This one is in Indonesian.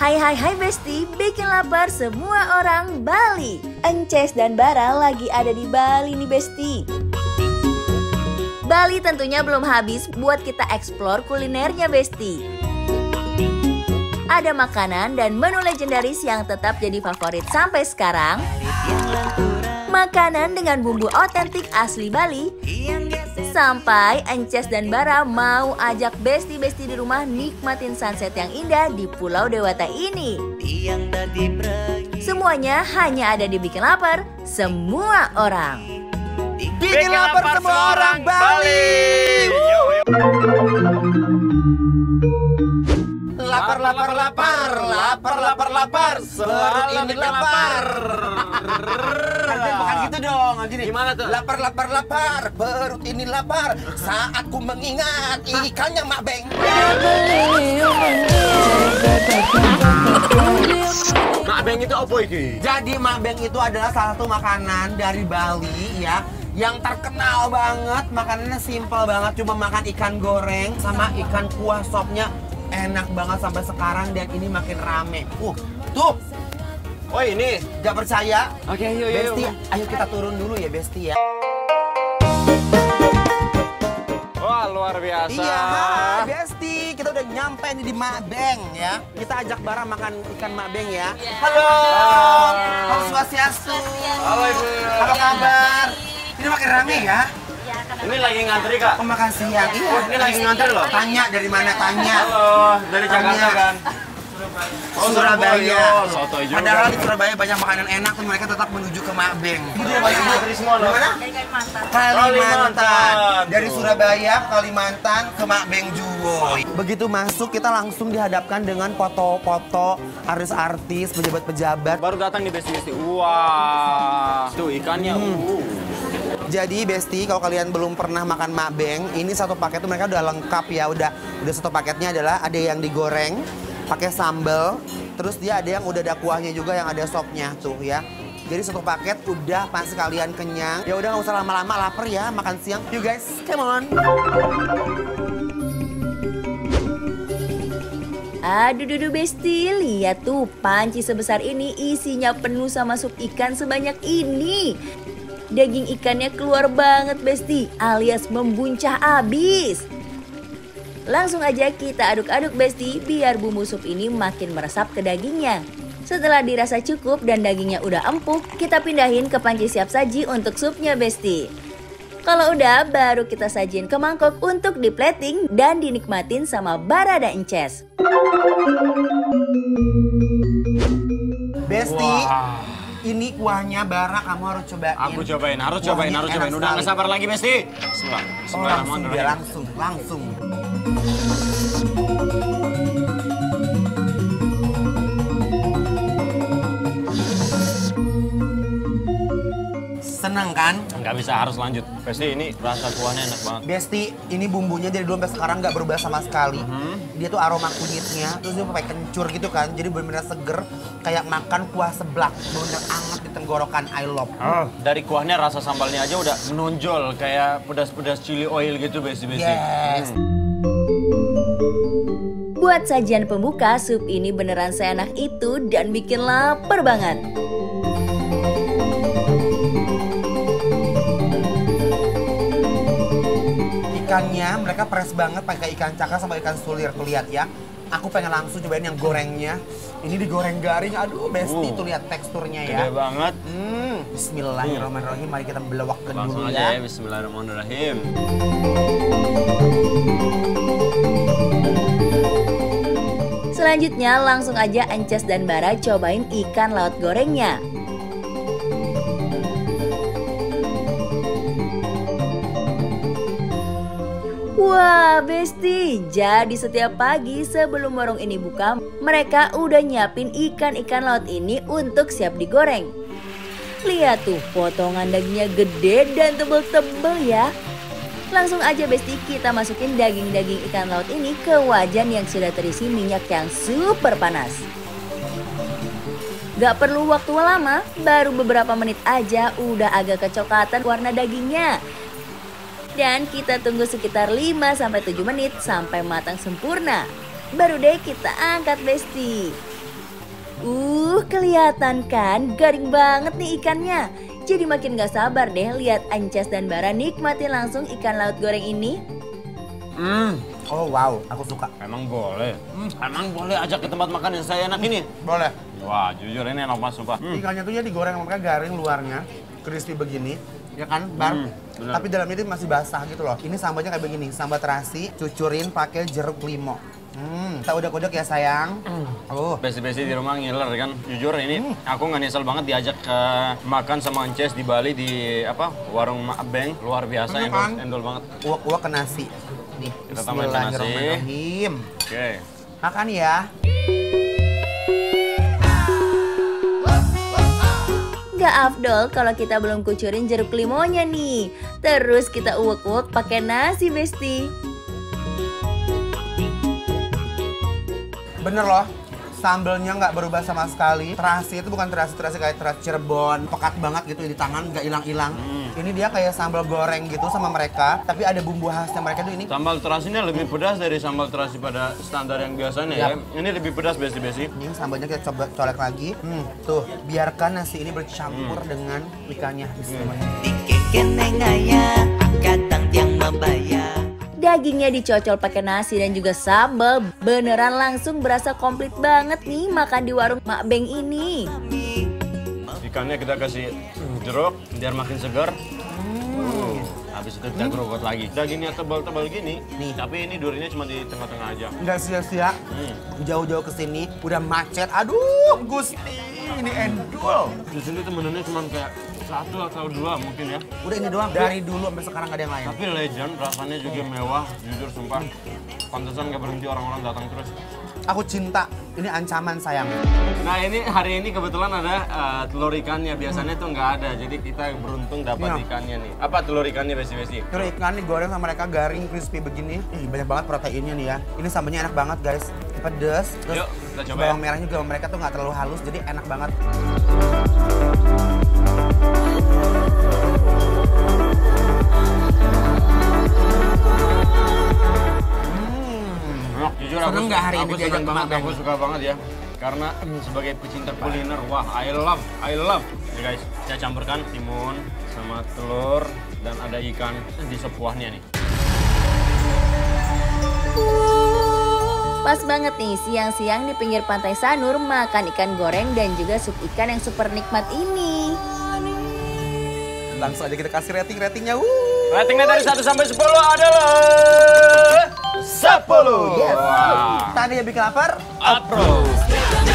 Hai hai hai Besti, bikin lapar semua orang Bali. Ences dan Bara lagi ada di Bali nih Besti. Bali tentunya belum habis buat kita eksplor kulinernya Besti. Ada makanan dan menu legendaris yang tetap jadi favorit sampai sekarang. Makanan dengan bumbu otentik asli Bali Sampai Ances dan Bara mau ajak besti-besti di rumah nikmatin sunset yang indah di Pulau Dewata ini. Semuanya hanya ada di Bikin Lapar, semua orang. Bikin, lapar, semua orang Bali! Lapar, lapar, lapar, lapar, lapar, lapar, selalu ingin lapar. bukan dong gini gimana tuh lapar lapar lapar perut ini lapar saat ku mengingat ikannya mak beng mak beng itu apa ini? jadi mak beng itu adalah salah satu makanan dari Bali ya yang terkenal banget makanannya simple banget cuma makan ikan goreng sama ikan kuah sopnya enak banget sampai sekarang dan ini makin rame uh tuh Oh ini? Gak percaya? Oke, okay, yuk, yuk. Besti, yuk. ayo kita turun dulu ya, Besti ya. Wah, luar biasa. Iya, hai, Besti. Kita udah nyampe nih di Mabeng ya. Kita ajak Bara makan ikan Mabeng ya. Iya. Halo, Halo. Iya. Halo. Swastiastu. Halo, Ibu. Apa kabar? Ini makin rame ya? Iya, ini lagi ngantri kak? Oh, makan siang. Iya. ini lagi ngantri loh. Tanya dari mana tanya? Halo, dari Jakarta kan. Surabaya. Soto juga. Padahal di Surabaya banyak makanan enak, tapi mereka tetap menuju ke Mabeng. Dari Mana? Kalimantan. Kalimantan. Dari Surabaya, Kalimantan ke Mabeng Juwo. Begitu masuk kita langsung dihadapkan dengan foto-foto artis-artis, pejabat-pejabat. Baru datang di besti-besti. Wah. Tuh ikannya. Hmm. Uh. Jadi Besti, kalau kalian belum pernah makan mabeng, ini satu paket tuh mereka udah lengkap ya, udah udah satu paketnya adalah ada yang digoreng, pakai sambal. Terus dia ada yang udah ada kuahnya juga yang ada sopnya tuh ya. Jadi satu paket udah pasti kalian kenyang. Ya udah nggak usah lama-lama lapar ya makan siang. You guys, come on. Aduh dudu besti, lihat tuh panci sebesar ini isinya penuh sama sup ikan sebanyak ini. Daging ikannya keluar banget besti alias membuncah abis. Langsung aja kita aduk-aduk besti biar bumbu sup ini makin meresap ke dagingnya. Setelah dirasa cukup dan dagingnya udah empuk, kita pindahin ke panci siap saji untuk supnya besti. Kalau udah, baru kita sajin ke mangkok untuk diplating dan dinikmatin sama barada Inces. Besti, wow. ini kuahnya bara kamu harus cobain. Aku cobain, harus kuahnya cobain, harus cobain. Udah nggak sabar lagi Besti. Bismillah. Bismillah. Oh, langsung, langsung, langsung, langsung. Seneng kan? Nggak bisa harus lanjut. Besti ini rasa kuahnya enak banget. Besti ini bumbunya dari dulu sampai sekarang nggak berubah sama sekali. Mm -hmm. Dia tuh aroma kunyitnya, terus dia pakai kencur gitu kan. Jadi benar-benar seger, kayak makan kuah seblak. Benar anget di tenggorokan, I love. Oh, dari kuahnya rasa sambalnya aja udah menonjol, kayak pedas-pedas chili oil gitu besti-besti. Yes. Hmm. Buat sajian pembuka, sup ini beneran seenak itu dan bikin lapar banget. Ikannya mereka press banget pakai ikan cakar sama ikan sulir tuh lihat ya. Aku pengen langsung cobain yang gorengnya. Ini digoreng garing, aduh besti uh, tuh lihat teksturnya ya. Gede banget. Hmm, Bismillahirrahmanirrahim. Mari kita belewakkan dulu ya. Langsung aja ya, Bismillahirrahmanirrahim. Selanjutnya langsung aja Ances dan Bara cobain ikan laut gorengnya. Wah, Besti, jadi setiap pagi sebelum warung ini buka, mereka udah nyiapin ikan-ikan laut ini untuk siap digoreng. Lihat tuh, potongan dagingnya gede dan tebel-tebel ya. Langsung aja besti kita masukin daging-daging ikan laut ini ke wajan yang sudah terisi minyak yang super panas. Gak perlu waktu lama, baru beberapa menit aja udah agak kecoklatan warna dagingnya. Dan kita tunggu sekitar 5-7 menit sampai matang sempurna. Baru deh kita angkat besti. Uh, kelihatan kan garing banget nih ikannya. Jadi makin gak sabar deh lihat Anjas dan Bara nikmatin langsung ikan laut goreng ini. Hmm, oh wow, aku suka. Emang boleh? Hmm, emang boleh ajak ke tempat makan yang saya enak ini? Boleh. Wah, jujur ini enak banget, sumpah. Hmm. Ikannya tuh ya digoreng, makanya garing luarnya, crispy begini ya kan bar hmm, tapi dalamnya itu masih basah gitu loh ini sambalnya kayak begini sambal terasi cucurin pakai jeruk limau Hmm, tak udah kodok ya sayang. Mm. Oh. Besi-besi di rumah ngiler kan. Jujur ini mm. aku nggak nyesel banget diajak ke eh, makan sama Ances di Bali di apa warung Mak Beng. Luar biasa ini kan? endol banget. Uak-uak ke nasi. Nih, Kita Bismillahirrahmanirrahim. Oke. Okay. Makan ya. nggak afdol kalau kita belum kucurin jeruk limonya nih. Terus kita uwek-uwek pakai nasi, Besti. Bener loh, sambelnya nggak berubah sama sekali terasi itu bukan terasi terasi kayak terasi Cirebon pekat banget gitu di tangan nggak hilang hilang hmm. ini dia kayak sambal goreng gitu sama mereka tapi ada bumbu khasnya mereka tuh ini sambal terasinya lebih pedas dari sambal terasi pada standar yang biasanya yep. ya ini lebih pedas besi besi ini sambalnya kita coba colek lagi hmm, tuh biarkan nasi ini bercampur hmm. dengan ikannya Bismillah. Hmm. Dagingnya dicocol pakai nasi dan juga sambal. Beneran langsung berasa komplit banget nih makan di warung Mak Beng ini. Ikannya kita kasih jeruk biar makin segar. Hmm. Habis itu kita gerobot lagi. Dagingnya tebal-tebal gini, nih. tapi ini durinya cuma di tengah-tengah aja. Nggak sia-sia. Hmm. Jauh-jauh ke sini udah macet. Aduh, Gusti, ini endul. Di sini temenannya cuma kayak satu atau dua mungkin ya. Udah ini doang. Dari dulu sampai sekarang gak ada yang lain. Tapi legend, rasanya juga mewah, jujur sumpah. Pantesan gak berhenti orang-orang datang terus. Aku cinta. Ini ancaman sayang. Nah ini hari ini kebetulan ada uh, telur ikannya. Biasanya hmm. tuh nggak ada. Jadi kita beruntung dapat ya. ikannya nih. Apa telur ikannya besi-besi? Telur ikan nih goreng sama mereka garing crispy begini. Ih, banyak banget proteinnya nih ya. Ini sambalnya enak banget guys. Pedes. Terus Yuk, kita coba bawang ya. merahnya juga mereka tuh nggak terlalu halus. Jadi enak banget. Hmm, seneng nggak hari ini diajak banget aku suka banget ya karena hmm. sebagai pecinta kuliner wah I love I love ya guys saya campurkan timun sama telur dan ada ikan di sepuasnya nih Pas banget nih siang-siang di pinggir pantai Sanur makan ikan goreng dan juga sup ikan yang super nikmat ini. Langsung aja kita kasih rating-ratingnya. Ratingnya dari 1 sampai 10 adalah 10. Yes. Wow. Tadi yang bikin lapar? Approve.